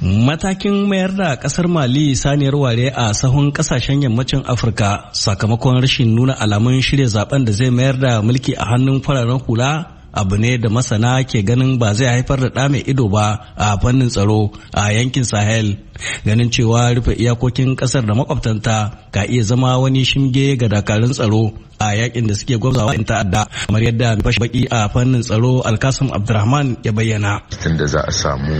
Matakin mayar da kasar Mali saniyar ware a sahun kasashen yammacin Afirka sakamakon rashin nuna alamun shirya zaben da zai mayar da mulki a hannun fararen hula abu ne da masana ke ganin ba zai haifar da ɗa mai ido ba a fannin tsaro a yankin Sahel. Ganin cewa rufe iyakokin kasar da makwabtanta ka iya zama wani shinge ga dakarun tsaro a yakin da suke gwamzawa in ta'adda kamar yadda fashi baki a fannin tsaro Alkasim Abdurrahman ya bayyana. da za a samu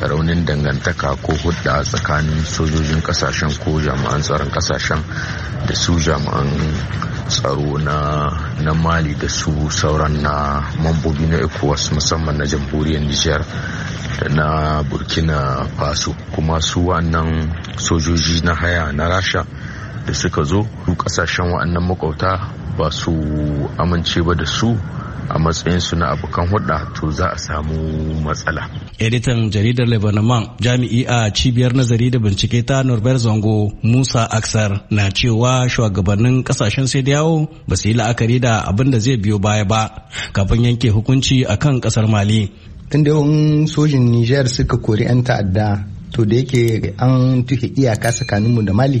raunin dangantaka ko hudda tsakanin sojojin kasashen ko jami'an tsaron kasashen da su jami'an tsaro na mali da su sauran na mambobi na ecowas musamman na jamhuriyar nijar da na burkina faso kuma su wannan sojoji na haya na rasha da suka zo su kasashen wa'annan makauta ba su amince ba da su a matsayinsu na abokan hulɗa to za a samu matsala. editan jaridar lebanon jami'i a cibiyar nazari da bincike ta norbert zango musa aksar na cewa shugabannin kasashen sai yawo ba su yi la'akari da abin da zai biyo baya ba kafin yanke hukunci a kan kasar mali tunda yawan sojin niger suka kori 'yan ta'adda to da yake an tuhe iyaka tsakaninmu da mali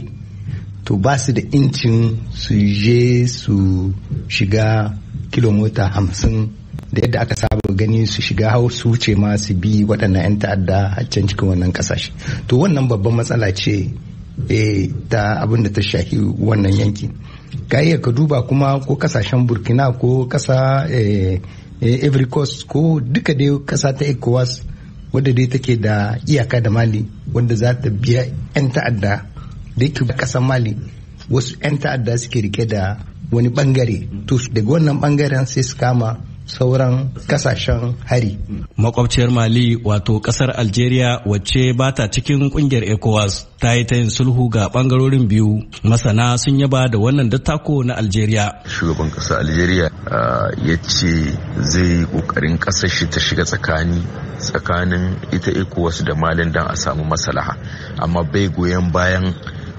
to ba su da incin su je su shiga kilomita hamsin da yadda aka saba gani su shiga hau su wuce ma su bi waɗannan 'yan ta'adda can cikin wannan ƙasashe to wannan babban matsala ce eh, ta abin da ta shahi wannan yankin ka iya ka duba kuma ko kasashen burkina ko ƙasa every eh, eh, coast ko duka dai ƙasa ta ecowas wadda dai take da iyaka da mali wanda za ta biya 'yan ta'adda da yake kasan mali wasu 'yan ta'adda suke rike da wani bangare to daga wannan bangaren sai su kama sauran kasashen hari. Makwabciyar Mali wato kasar Algeria wacce ba ta cikin kungiyar ECOWAS ta yi ta yin sulhu ga bangarorin biyu. Masana sun yaba da wannan dattako na Algeria. Shugaban kasar Algeria ya ce zai yi kokarin kasar shi ta shiga tsakani tsakanin ita ECOWAS da Malin don a samu masalaha amma bai goyon bayan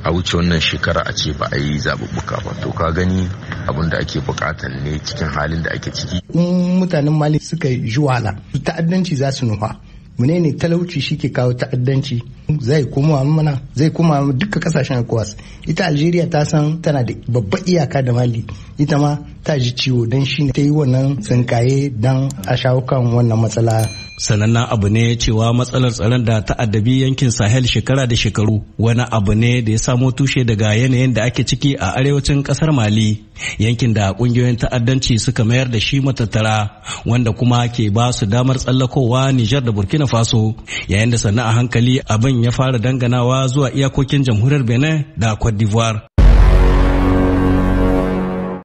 a wuce wannan shekara a ce ba a yi zaɓuɓɓuka ba to ka gani abin da ake buƙatar ne cikin halin da ake ciki. in mutanen mali suka ji wahala ta'addanci za su nufa menene talauci shi ke kawo ta'addanci zai koma mana zai koma duka kasashen ecowas ita algeria ta san tana da babbar iyaka da mali ita ma ta ji ciwo don shi ta yi wannan tsinkaye don a shawo kan wannan matsala sanannen abu ne cewa matsalar tsaron da ta'addabi yankin sahel shekara da shekaru wani abu ne da ya samo tushe daga yanayin da ake ciki a arewacin kasar mali yankin da kungiyoyin ta'addanci suka mayar da shi matattara wanda kuma ke ba su damar tsallakowa nijar da burkina faso yayin da sannan a hankali abin ya fara danganawa zuwa iyakokin jamhuriyar benin da cote d'ivoire